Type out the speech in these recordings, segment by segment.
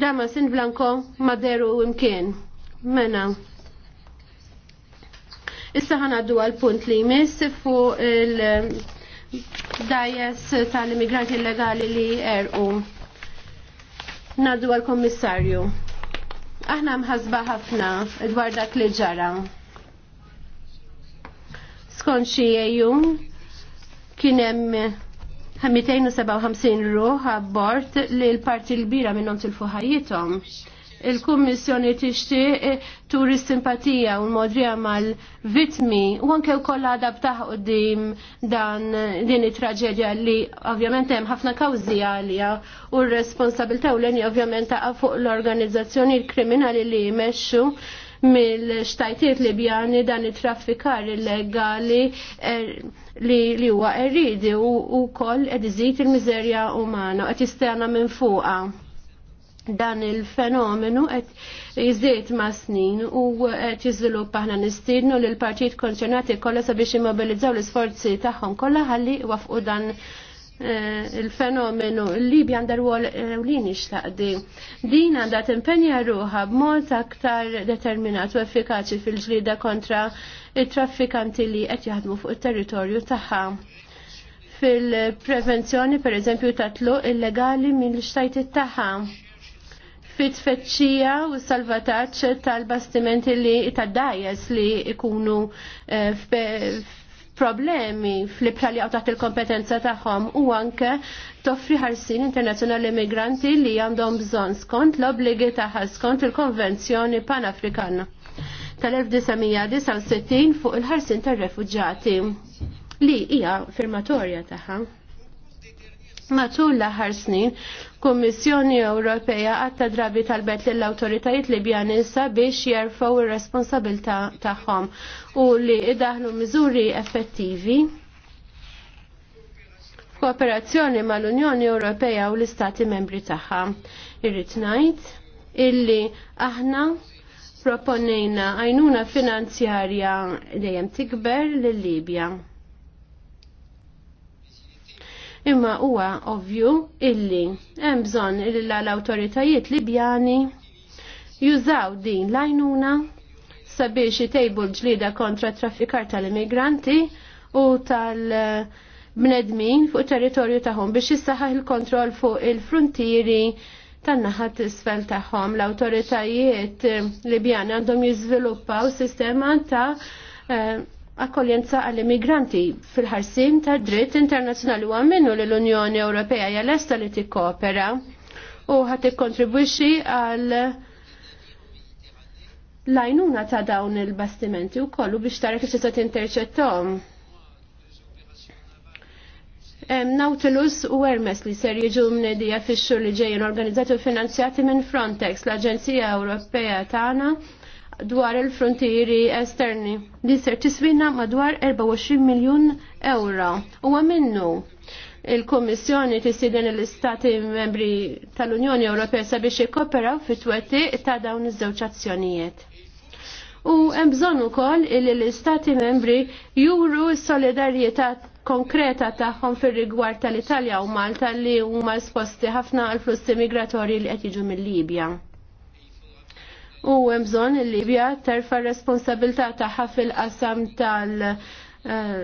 Dama sin blanko maderu imkien. Mena. Issa ħanaddu għal-punt li jmiss fuq il-dajes um, tal-immigranti illegali li erqu. Naddu għal-kommissarju. Aħna mħazba ħafna dwar dak li ġara. Skont xi kien hemm 257 ruħ abbord li l-parti l-bira minnom til-fuħajietom. Il-Kummissjoni tixti eh, turi simpatija u modrija mal-vitmi u anke wkoll adaptaħ dim dan din it-traġedja li ovvjament hemm ħafna kawżi għalija u r-responsabilità u l ovvjament ta' fuq l-organizzazzjoni l kriminali li jmexxu mill-xtajtiet Libjani dan it-traffikar illegali er, li huwa erridi u wkoll qed iżid il-miżerja umana qed jistena minn fuqha. Dan il-fenomenu qed jiżdied ma' snin u qed jiżviluppa aħna nistiednu l partit konċernati kollha sabiex immobilizzaw l-isforzi tagħhom kollha ħalli wafqu dan Eh, il-fenomenu il-Libja għandar għol eh, ewlini xtaqdi. Din għandha timpenja ruħa b'mod aktar determinat u effikaċi fil-ġlida kontra il-traffikanti li qed jaħdmu fuq it-territorju tagħha. Fil-prevenzjoni per eżempju tatlu illegali mill-xtajti tagħha fit fetċija u salvataġġ tal-bastimenti li tad-dajes li ikunu eh, problemi fl-ibħra li taħt il-kompetenza tagħhom u anke toffri ħarsin internazzjonali migranti li għandhom bżonn skont l-obligi taħħa skont il-Konvenzjoni Pan-Afrikana tal-1969 fuq il-ħarsin tar refugġati li hija firmatorja tagħha. Matul l-aħħar snin, Kummissjoni Ewropea għatta drabi talbet lill awtoritajiet Libjanissa biex jarfaw ir responsabilta tagħhom u li idaħlu miżuri effettivi f'kooperazzjoni mal-Unjoni Ewropea u l-Istati membri tagħha. Irrid ngħid illi aħna proponejna għajnuna finanzjarja dejjem tikber lill-Libja. Imma huwa ovvju illi hemm bżonn li l-awtoritajiet Libjani jużaw din l-għajnuna sabiex itejbu l-ġlida kontra traffikar tal-immigranti u tal-bnedmin fuq territorju tagħhom biex jissaħaħ il-kontroll fuq il-frontieri tan-naħat isfel tagħhom. L-awtoritajiet Libjani għandhom jiżviluppaw sistema ta' eh, akkoljenza għall-immigranti fil-ħarsim ta' dritt internazzjonali u għamminu li l-Unjoni Ewropea jgħal-esta li tikkopera u ħat kontribwixi għal lajnuna ta' dawn il-bastimenti u kollu biex tara kif tista' tinterċettom. Nautilus u Hermes li ser jiġu mnedija fix-xhur li ġejjin organizzati u finanzjati minn Frontex, l-Aġenzija Ewropea tagħna dwar il-frontieri esterni li ser tiswina madwar 24 miljon euro. U minnu il komissjoni tisidin l-Istati membri tal-Unjoni Ewropea sabiex jikkoperaw fit-twetti ta' dawn iż-żewġ azzjonijiet u hemm bżonn ukoll li l-istati membri juru s-solidarjetà konkreta tagħhom fir-rigward tal-Italja u Malta li huma esposti ħafna għal flussi migratorji li qed jiġu mill-Libja u hemm bżonn il-Libja terfa' responsabilità tagħha fil-qasam tal- eh,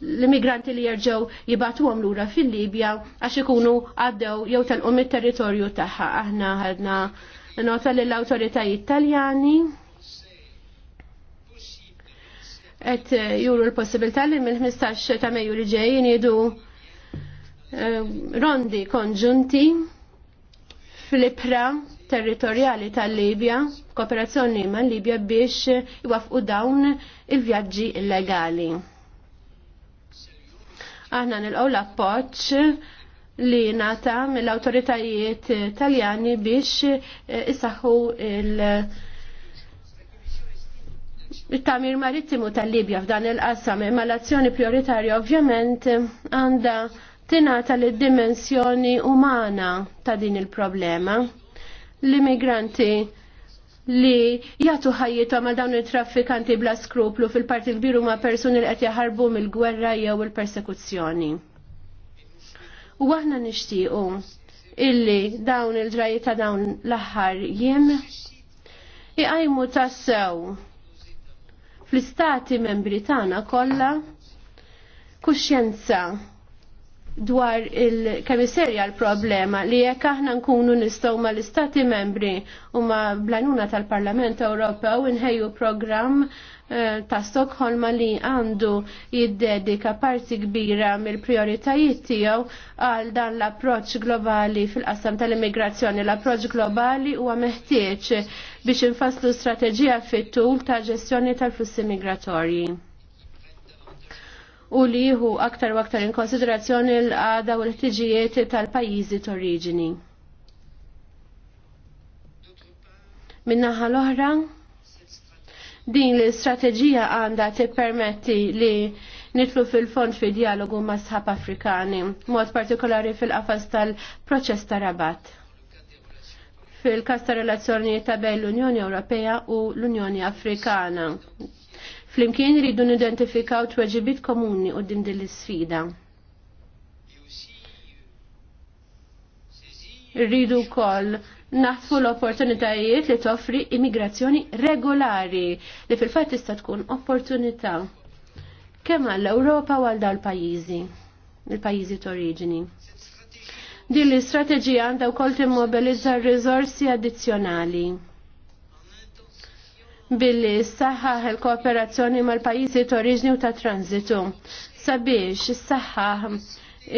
l-immigranti li jerġgħu jibatuhom lura fil-Libja għax ikunu għaddew jew tal it-territorju tagħha. Aħna ħadna nota lill awtoritajiet Italjani et juru l-possibilità li mill-15 ta' Mejju li ġejjin jidu eh, rondi konġunti fl-ipra territorjali tal-Libja, kooperazzjoni mal libja biex iwafqu dawn il-vjaġġi illegali. Aħna nilqgħu l-appoġġ li nata mill-awtoritajiet taljani biex eh, isaħħu il- Il-tamir marittimu tal-Libja f'dan il-qassam imma l-azzjoni prioritarja ovvjament għandha tingħata lid dimensjoni umana ta' din il-problema l-immigranti li jagħtu ħajjithom għal dawn it-traffikanti bla skruplu fil-parti kbiru ma' persuni li qed jaħarbu mill-gwerra jew il-persekuzzjoni. U aħna nixtiequ illi dawn il-drajiet ta' dawn l-aħħar jiem iqajmu tassew fl-istati membri tagħna kollha kuxjenza dwar il-kemiserja l-problema li jekk aħna nkunu nistgħu mal istati membri u ma blanuna tal-Parlament Ewropew inħejju programm eh, ta' Stockholm li għandu jiddedika parti kbira mill-prioritajiet tiegħu għal dan l-approċċ globali fil-qasam tal-immigrazzjoni. L-approċċ globali huwa meħtieġ biex infasslu strateġija fit-tul ta' ġestjoni tal-flussi migratorji u li jieħu aktar u aktar in konsiderazzjoni l-għada u l-ħtiġijiet tal-pajjiżi t origini Minnaħa l-oħra, din l-istrateġija għandha tippermetti li nitlu fil-fond fi dialogu ma' sħab Afrikani, mod partikolari fil-qafas tal-proċess ta' rabat fil kasta relazzjoni ta' bejn l-Unjoni Ewropea u l-Unjoni Afrikana. Flimkien rridu nidentifikaw tweġibit komuni u din din l-sfida. Rridu kol naħtfu l-opportunitajiet li toffri immigrazzjoni regolari li fil-fat tista' tkun opportunità kemm għall-Ewropa u għal dal pajjiżi il-pajjiżi t-oriġini. Din l-istrateġija għandha wkoll timmobilizza r-riżorsi addizzjonali billi s-saħħaħ il-kooperazzjoni mal-pajjiżi t-oriġni u ta' tranzitu sabiex s-saħħaħ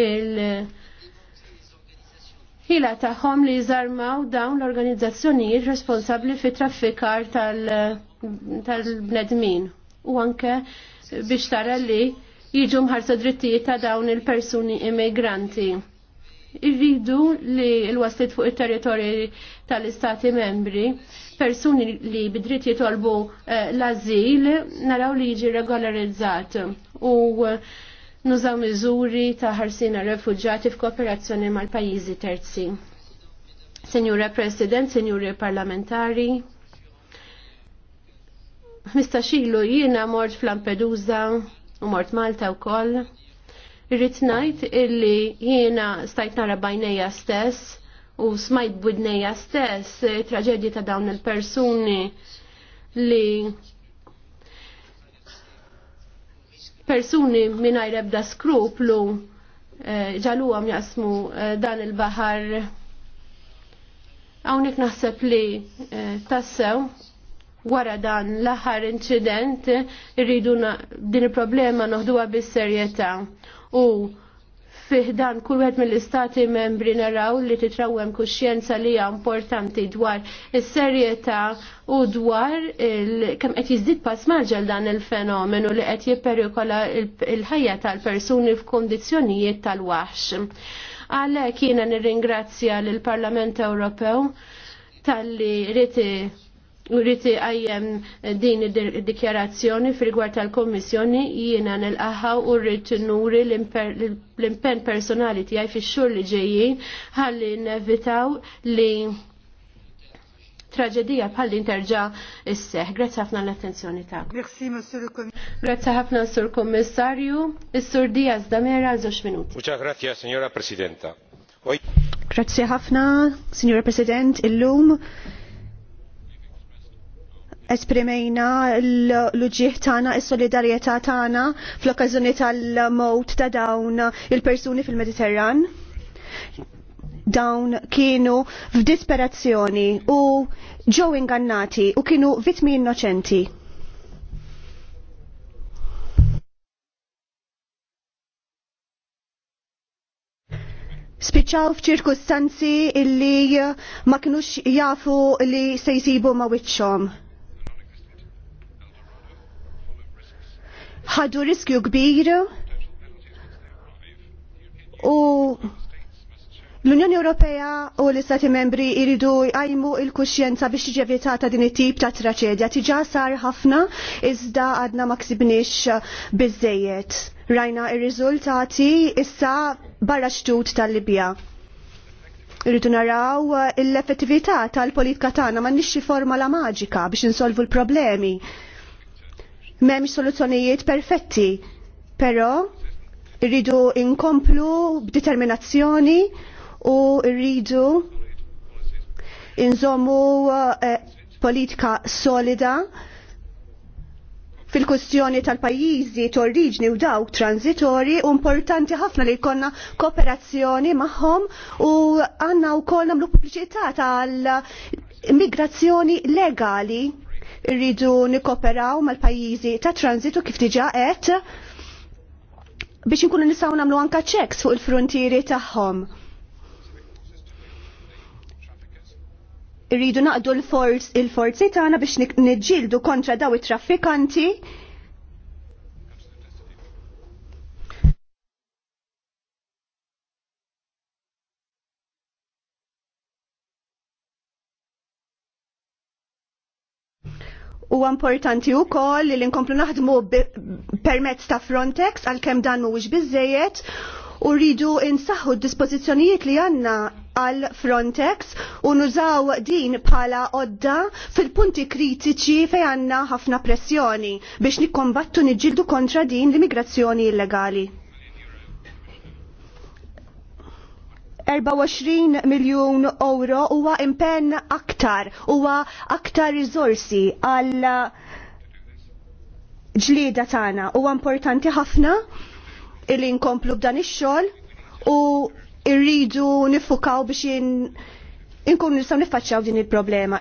il- ħila taħħom li jżarmaw dawn l-organizzazzjonijiet responsabli fi traffikar tal-bnedmin tal u anke biex tara li jiġu mħarsa drittijiet ta' dawn il-persuni immigranti. Irridu li l-waslit fuq il territorji tal-istati membri persuni li bidrit jitolbu eh, l-azil naraw li jiġi regolarizzat u eh, nużaw miżuri ta' ħarsina refugġati f'kooperazzjoni mal-pajjiżi terzi. Senjura President, Senjuri Parlamentari, mistaxilu jiena mort fl-Lampedusa u mort Malta u koll. Irrit illi jiena stajt nara bajnija stess u smajt budnejja stess eh, traġedji ta' dawn il-persuni li persuni minajr ebda skruplu eh, ġalu għam jasmu eh, dan il-bahar għawnek naħseb li tassew wara dan l-aħħar incident irridu din il-problema noħduha bis-serjetà u fiħdan kull wieħed mill-istati membri naraw li titrawem kuxjenza li hija importanti dwar is-serjetà u dwar kemm qed jiżdied pass maġel dan il-fenomenu li qed jipperikola il-ħajja tal-persuni f'kondizzjonijiet tal-waħx. Għalhekk jiena nirringrazzja lill-Parlament Ewropew tal-li riti Uriti għajjem din id-dikjarazzjoni fil-gwar tal komissjoni jiena nil-qaħħa u rrit nuri l-impen personali tijaj fi xur li ġejjin ħalli nevitaw li traġedija bħalli interġa s-seħ. Grazzi ħafna l-attenzjoni ta' Grazie, Monsieur le Commissario. Grazzi ħafna, Sur Kommissarju. Is-Sur Diaz Damera, zox minuti. Muċa grazie, Signora Presidenta. Grazzi ħafna, Signora President, illum. lum esprimejna l-ġieħ tagħna is-solidarjetà tagħna fl-okkażjoni tal-mowt ta' dawn il-persuni fil-Mediterran. Dawn kienu f'disperazzjoni u ġew ingannati u kienu vittmi innoċenti. spiċċaw f'ċirkustanzi illi ma kinux jafu li se jsibu ma' wiċċhom. ħadu riskju kbir u L-Unjoni Ewropea u l-Istati Membri iridu jgħajmu il-kuxjenza biex tiġi evitata din it-tip ta' traċedja. Tiġa sar ħafna iżda għadna ma ksibniex biżejjed. Rajna ir-riżultati issa barra xtut tal-Libja. Irridu naraw l-effettività tal-politika tagħna ma nixxi forma la maġika biex insolvu l-problemi. M'hemmx soluzzjonijiet perfetti, però rridu inkomplu b'determinazzjoni u rridu inżommu eh, politika solida fil-kustjoni tal-pajjiżi tal-riġni u dawk tranzitori u importanti ħafna li jkollna kooperazzjoni magħhom u għandna wkoll nagħmlu pubbliċità tal-immigrazzjoni legali rridu nikoperaw mal-pajjiżi ta' tranzitu kif diġa qed biex inkunu nistgħu nagħmlu anka checks fuq il-frontieri tagħhom. Irridu naqdu l-forzi tagħna biex niġġieldu kontra daw it-traffikanti U importanti u koll li nkomplu naħdmu permezz ta' Frontex għal-kem dan mhuwiex biżejjed u rridu insaħħu d-dispożizzjonijiet li għanna għal Frontex u nużaw din bħala odda fil-punti kritiċi fej għanna ħafna pressjoni biex nikkombattu niġildu kontra din l-immigrazzjoni illegali. 24 miljon euro huwa impenn aktar, huwa aktar risorsi għal ġlieda tagħna. Huwa importanti ħafna illi nkomplu b'dan ix-xogħol u rridu nifukaw biex inkun nistgħu niffaċċjaw din il-problema.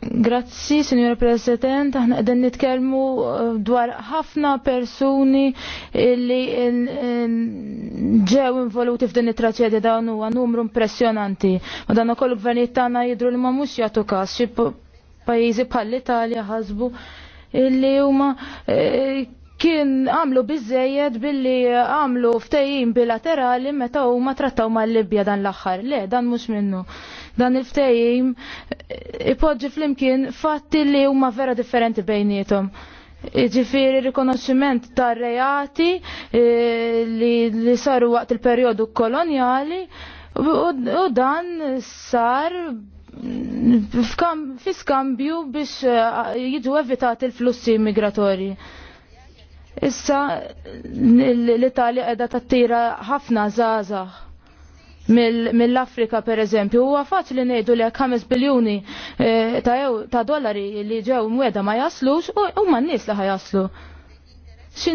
Grazzi, Signora President, aħna qegħdin nitkellmu eh, dwar ħafna persuni li ġew involuti f'din it-traċedja dawn huwa numru impressjonanti. Ma dan ukoll gvernijiet tagħna jidhru li ma mhux jagħtu każ xi pajjiżi bħall-Italja ħasbu illi huma eh, kien għamlu bizzejed billi għamlu ftejim bilaterali meta u ma trattaw ma libja dan l-axħar. Le, dan mux minnu. Dan il-ftejim eh, ipoġġi flimkien fatti li huma vera differenti bejnietom. Ġifiri rikonoxximent tar reati eh, li, li saru waqt il-periodu koloniali u dan sar mm, fi skambju biex eh, jiġu evitati il-flussi migratorji. Issa l-Italja qiegħda tattira ħafna żgħażagħ mill-Afrika per eżempju, huwa faċli ngħidu li hekk 5 biljuni eh, ta' dollari li ġew mweda ma jaslux u huma n-nies li ħajaslu.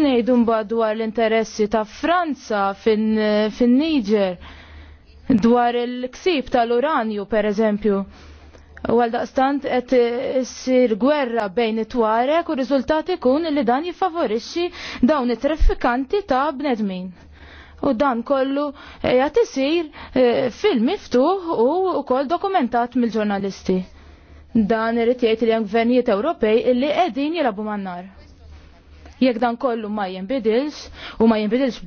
ngħidu mbagħad dwar l-interessi ta' Franza fin-Niger dwar il-ksib tal-uranju per eżempju. U għal daqstant qed issir gwerra bejn it-twarek u rizultati kun li dan jiffavorixxi dawn it-traffikanti ta' bnedmin. U dan kollu għet isir e, fil-miftuħ u wkoll dokumentat mill-ġurnalisti. Dan irid jgħid li hemm gvernijiet Ewropej illi qegħdin jirabu man-nar. Jekk dan kollu ma jinbidilx u ma jinbidilx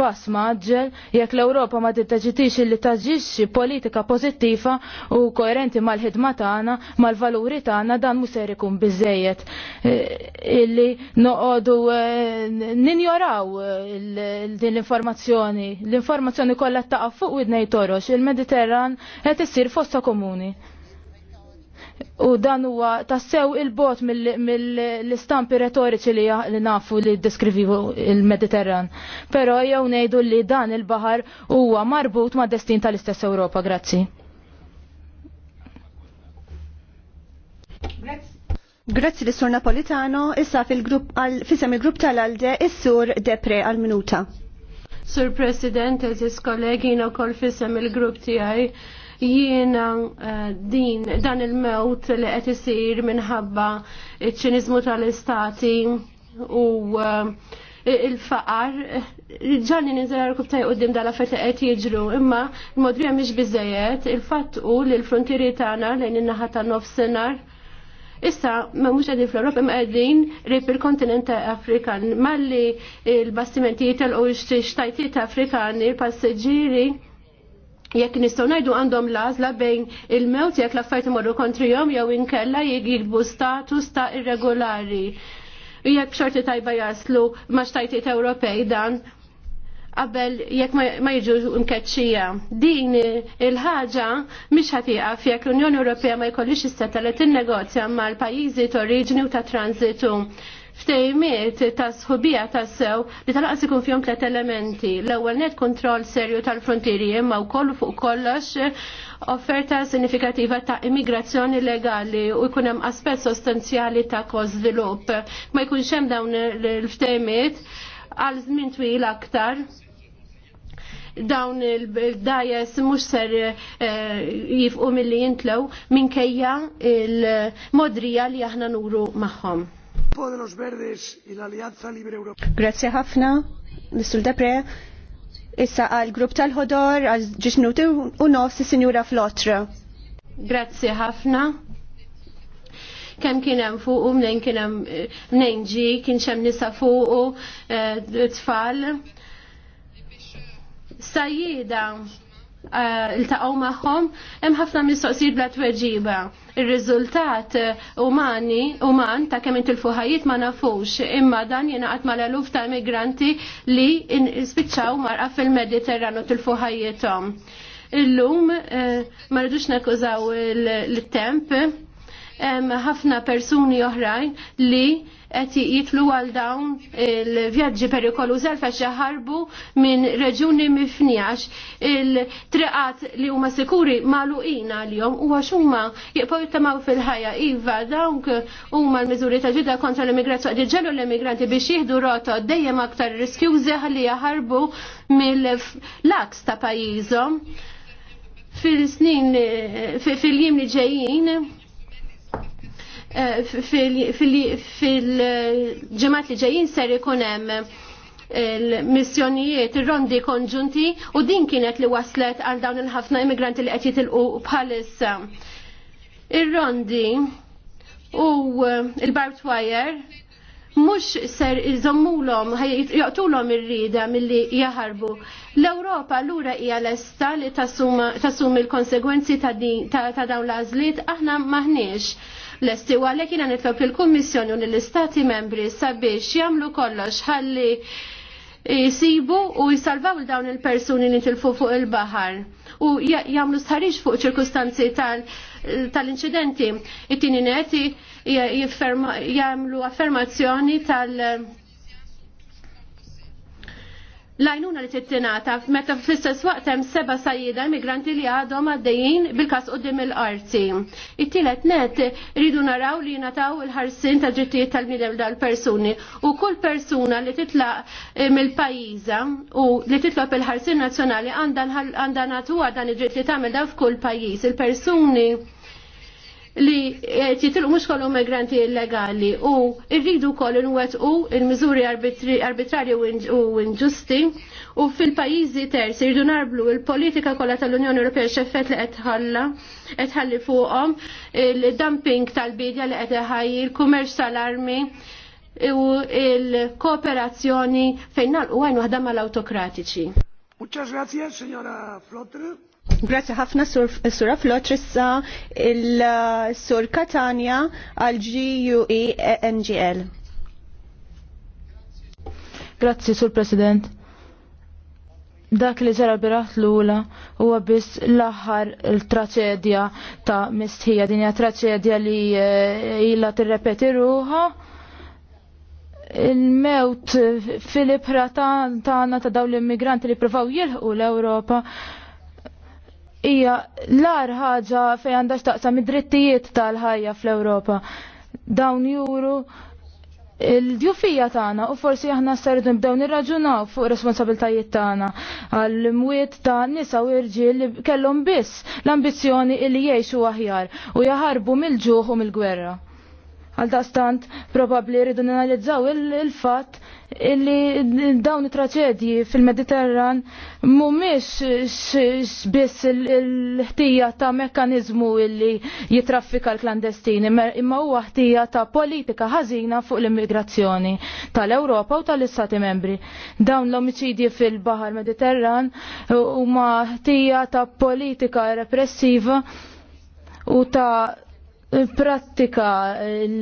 pass maġġel jekk l-Ewropa ma tiddeċidix li taġixxi politika pozittiva u koerenti mal-ħidma tagħna, mal-valuri tagħna dan mhux ser ikun biżejjed e, illi noqogħdu e, ninjoraw e, din l-informazzjoni. L-informazzjoni kollha taqa' fuq widnej torox, il-Mediterran qed issir fosta komuni. U dan huwa tassew il-bot mill-istampi mill retoriċi li, li nafu li deskrivivu il-Mediterran. Pero jew ngħidu li dan il-baħar huwa marbut ma' destin tal-istess Ewropa, grazzi. Grazzi li sur Napolitano, issa fil-grupp fisem il-grupp tal-Alde, is-sur Depre għal-minuta. Sur President, eżis kollegi, no kol fisem il-grupp tijaj jiena eh, din dan il-mewt li qed isir minħabba iċ-ċiniżmu tal-istati u eh, il-faqar ġanni nizzar kubtaj u dim dala feta għet jġru imma il-modrija miex bizzejet il-fat u li l-frontieri tana lejn il-naħa nof senar Issa, ma mux għedin fl-Europa, imma għedin rip il-kontinent Afrikan. Malli il-bastimenti tal xtajti ta' Afrikani, il-passeġiri, jekk nistgħu ngħidu għandhom lażla bejn il-mewt jekk l-affarijiet imorru kontrihom jew inkella jikbu status ta' irregolari. Jekk xorti tajba jaslu ma' xtajtiet Ewropej dan qabel jekk ma jiġu mkeċċija. Din il-ħaġa mhix ħatiqa jekk l-Unjoni Ewropea ma jkollix is li tinnegozja mal-pajjiżi ta' oriġini u ta' transitu. Ftejmiet ta' sħubija ta' sew li tal-qas ikun fihom tliet elementi. L-ewwel net kontroll serju tal-frontieri imma wkoll fuq kollox offerta sinifikativa ta' immigrazzjoni legali u jkun hemm aspett sostanzjali ta' kost żvilupp. Ma jkunx hemm dawn l-ftejmiet għal żmien twil aktar dawn il-dajes mux ser eh, jifqu mill-li jintlew minkejja il-modrija li aħna nuru maħħom. Grazie ħafna, Mr. Depre. Issa għal-grupp tal-ħodor, għal ġiġnuti u nofs, Signora Flotra. Grazie ħafna kemm kien hemm fuq u mnejn kien hemm mnejn ġi kien hemm nisa fuq u eh, tfal. Sajjida eh, il-taqaw maħħom, hemm ħafna mistoqsijiet bla tweġiba. Ir-riżultat eh, umani, uman ta' kemm intilfu fuħajiet ma nafux, imma dan jingħaqad mal-eluf ta' immigranti li spiċċaw marqa fil-Mediterranu tilfu ħajjithom. Illum ma rridux nakkużaw il-temp, ħafna persuni oħrajn li qed jitlu għal dawn il-vjaġġi perikoluż fex jaħarbu minn reġuni mifnijax, il-triqat li huma sikuri magħluqin għalihom u għax huma jibqgħu jittamaw fil-ħajja iva dawk huma l-miżuri ta' ġidda kontra l-immigrazzjoni diġġelu l-immigranti biex jieħdu roto dejjem aktar riskjużi ħalli jaħarbu mill-laks ta' pajjiżhom fil-snin fil-jiem li ġejjin fil-ġemat li ġejjin ser ikun hemm il-missjonijiet, eh, il-rondi konġunti u din kienet li waslet għal dawn il-ħafna immigranti li qed jitilqu bħalissa. Ir-rondi u eh, il-barbed wire mux ser jżommulhom jaqtulhom ir-rida milli jaħarbu. L-Ewropa lura hija lesta li tasum il-konsegwenzi ta' dawn l-għażliet aħna maħniex. Lesti u għalhekk jiena nitlob il-Kummissjoni u lill-Istati Membri sabiex jagħmlu kollox ħalli jisibu u jisalvaw dawn il-persuni li tilfu fuq il-baħar u jagħmlu sħarix fuq ċirkustanzi tal- tal-inċidenti. It-tini net jagħmlu affermazzjoni tal- Lajnuna li tittinata meta fl-istess waqt hemm seba' sajjida immigranti li għadhom għaddejjin bil-każ qudiem il-qarti. It-tielet net rridu naraw li nataw il-ħarsin ta' ġittijiet tal midem dal-persuni u kull persuna li titlaq eh, mill-pajjiża u li titlob il-ħarsin nazzjonali għandha nagħtuha dan id-dritt tagħmel dan f'kull pajjiż. Il-persuni li eh, titil mux kollu migranti illegali u irridu kollu nwet u il-mizuri arbitrarji u inġusti u fil-pajizi terzi irridu narblu il-politika kolla tal-Unjoni Ewropea xeffet li etħalla etħalli fuqom il-dumping tal-bidja li etħaj il-kummerċ tal-armi u il-kooperazzjoni fejn u għajnu waħda mal-autokratiċi. Muchas gracias, signora Flotre. Grazie ħafna Sura Flot issa il-Sur Katania għal G-U-E-N-G-L. Grazie Sur President. Dak li ġara biraħt l-ula huwa biss l-aħħar traċedja ta' mistħija din traċedja li eh, ilha tirrepeti ruha il-mewt fil-ibra tagħna ta' dawn l-immigranti li provaw jilħqu l-Ewropa hija l-ar ħaġa fejn għandha x'taqsam id-drittijiet tal-ħajja fl-Ewropa. Dawn juru il-djufija tagħna u forsi aħna sardu nibdew nirraġunaw fuq responsabiltajiet tagħna għall-mwiet ta' nisa u irġiel li kellhom biss l-ambizzjoni li jgħixu aħjar u jaħarbu mill-ġuħ u mill-gwerra. Għal daqstant, probabli rridu nanalizzaw il-fat illi dawn traċedji fil-Mediterran mumiex biss il-ħtija ta' mekkanizmu illi jitraffika l-klandestini, imma huwa ħtija ta' politika ħażina fuq l-immigrazzjoni tal-Ewropa u tal-Istati membri. Dawn l omicidi fil-Bahar Mediterran huma ħtija ta' politika repressiva u ta' prattika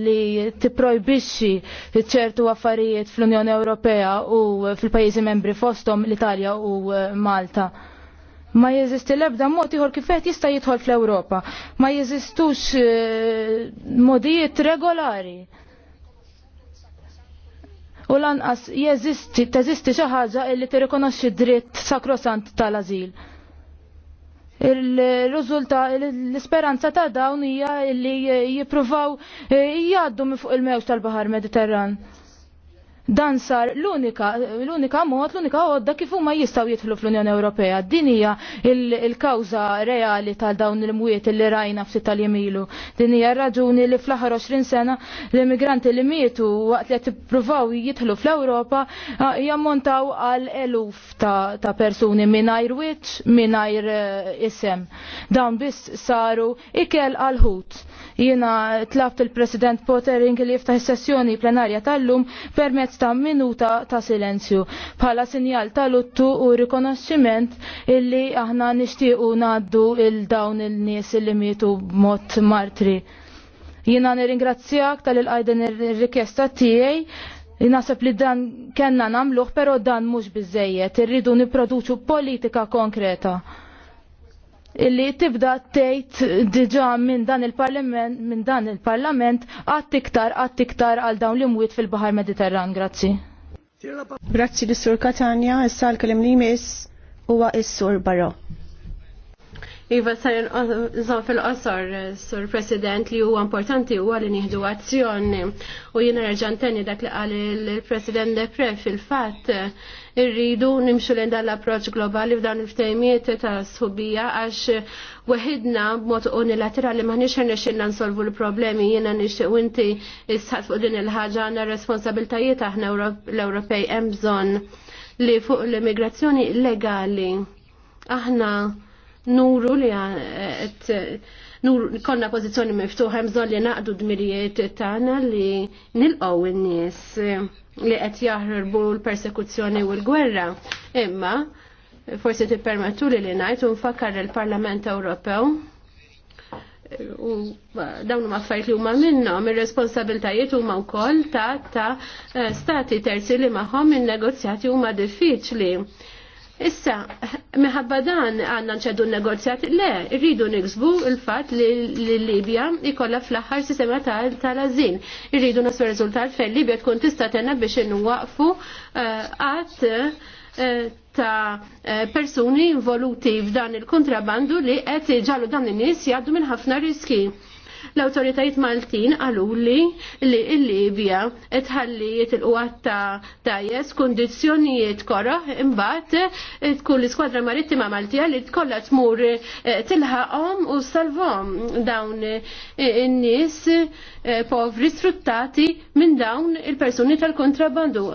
li tipprojbixxi ċertu affarijiet fl-Unjoni Ewropea u fil-pajjiżi membri fosthom l-Italja u eh, Malta. Ma jeżisti l-ebda mod ieħor kifet jista' jidħol fl-Ewropa. Ma jeżistux eh, modijiet regolari. U lanqas jeżisti teżisti xi ħaġa li tirrikonoxxi dritt sakrosant tal-ażil il rizulta l-isperanza ta' dawn hija li jippruvaw eh, jgħaddu fuq il-mewġ tal-Baħar Mediterran. Dan sar l-unika l-unika mod, l-unika għodda kif huma jistgħu jidħlu fl-Unjoni Ewropea. Din hija il-kawża reali tal dawn il-mwiet li rajna ftit tal-jemilu. Din hija raġuni li fl-aħħar 20 sena l-immigranti li mietu waqt li qed ippruvaw jidħlu fl-Ewropa jammontaw għal eluf ta' persuni mingħajr wiċċ, mingħajr eh, isem. Dawn biss saru ikel għal ħut Jiena tlabt il-President Pottering li jiftaħ is-sessjoni plenarja tal-lum permezz ta' minuta ta' silenzju bħala sinjal tal-uttu u rikonoxximent illi aħna nixtiequ ngħaddu il-dawn il-nies illi mietu b'mod martri. Jiena nirringrazzjak tal-ilqajden ir-rikjesta tiegħi Naħseb li dan kellna nagħmluh, però dan mhux biżejjed, irridu nipproduċu politika konkreta li tibda tgħid diġà minn dan il-Parlament minn dan il-Parlament għad iktar għad iktar għal dawn li mwiet fil-Baħar Mediterran. Grazzi. Grazzi lis sur Katania, issa l-kelim li jmiss huwa is-Sur Barra. Iva sar nżom fil qasar sur President, li huwa importanti huwa li nieħdu azzjoni. U jiena reġan tenni dak li qal il-President Depre fil-fatt irridu nimxu l dan l-approċ globali f'dan il-ftejmiet ta' sħubija għax weħidna b'mod unilaterali maħniex ħernexxilna nsolvu l-problemi jiena u inti issaqs fuq din il-ħaġa għandna responsabiltajiet aħna l-Ewropej hemm bżonn li fuq l-immigrazzjoni legali aħna nuru li għet nur konna pozizjoni miftuħa mżon li naqdu d dmirijiet tagħna li nilqgħu in-nies li qed jaħrbu l-persekuzzjoni u l-gwerra. Imma forsi tippermettu li li ngħid u nfakkar il-Parlament Ewropew u dawn huma affarijiet li huma minnhom ir-responsabiltajiet huma wkoll ta' ta' eh, stati terzi li magħhom in-negozjati huma diffiċli. Issa, Meħabba dan għanna nċeddu negozjat, le, rridu niksbu il-fat li l-Libja ikolla fl axar sistema tal-azin. Rridu nasu rezultat fejn Libja tkun tista' tenna biex waqfu eh, għat eh, ta' eh, persuni involuti f'dan il-kontrabandu li qed ġalu dan in-nies jaddu minn ħafna riski. L-autoritajiet Maltin għalu li li l-Libja tħalliet il-qwatta Tajes kondizjonijiet koroħ imbagħad tkun l skwadra marittima Maltija li tkollha tmur eh, tilħaqhom u salvom dawn in-nies eh, eh, povri sfruttati minn dawn il-persuni tal-kontrabandu.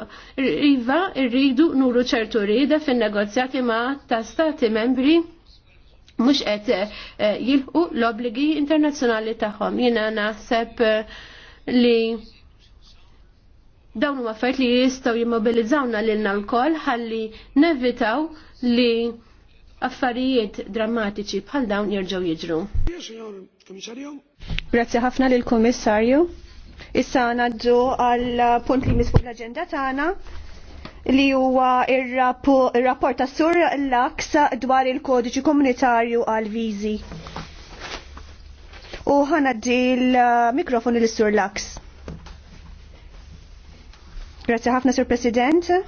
Iva rridu nuru ċertu rida fin-negozjati ma' ta' stati membri mhux qed eh, eh, jilħu l-obligi internazzjonali tagħhom. Jina naħseb eh, li dawn huma affarijiet li jistgħu jimmobilizzawna lilna l-koll ħalli nevitaw li affarijiet drammatiċi bħal dawn jerġgħu jiġru. Grazzi ħafna lill kummissarju Issa naġġu għal punt li misfuq l-aġenda tagħna li huwa ir-rapport ta' sur l aksa dwar il-kodiċi komunitarju għal viżi. U ħanaddi l-mikrofon l-sur l-aks. Grazie ħafna, Sur President.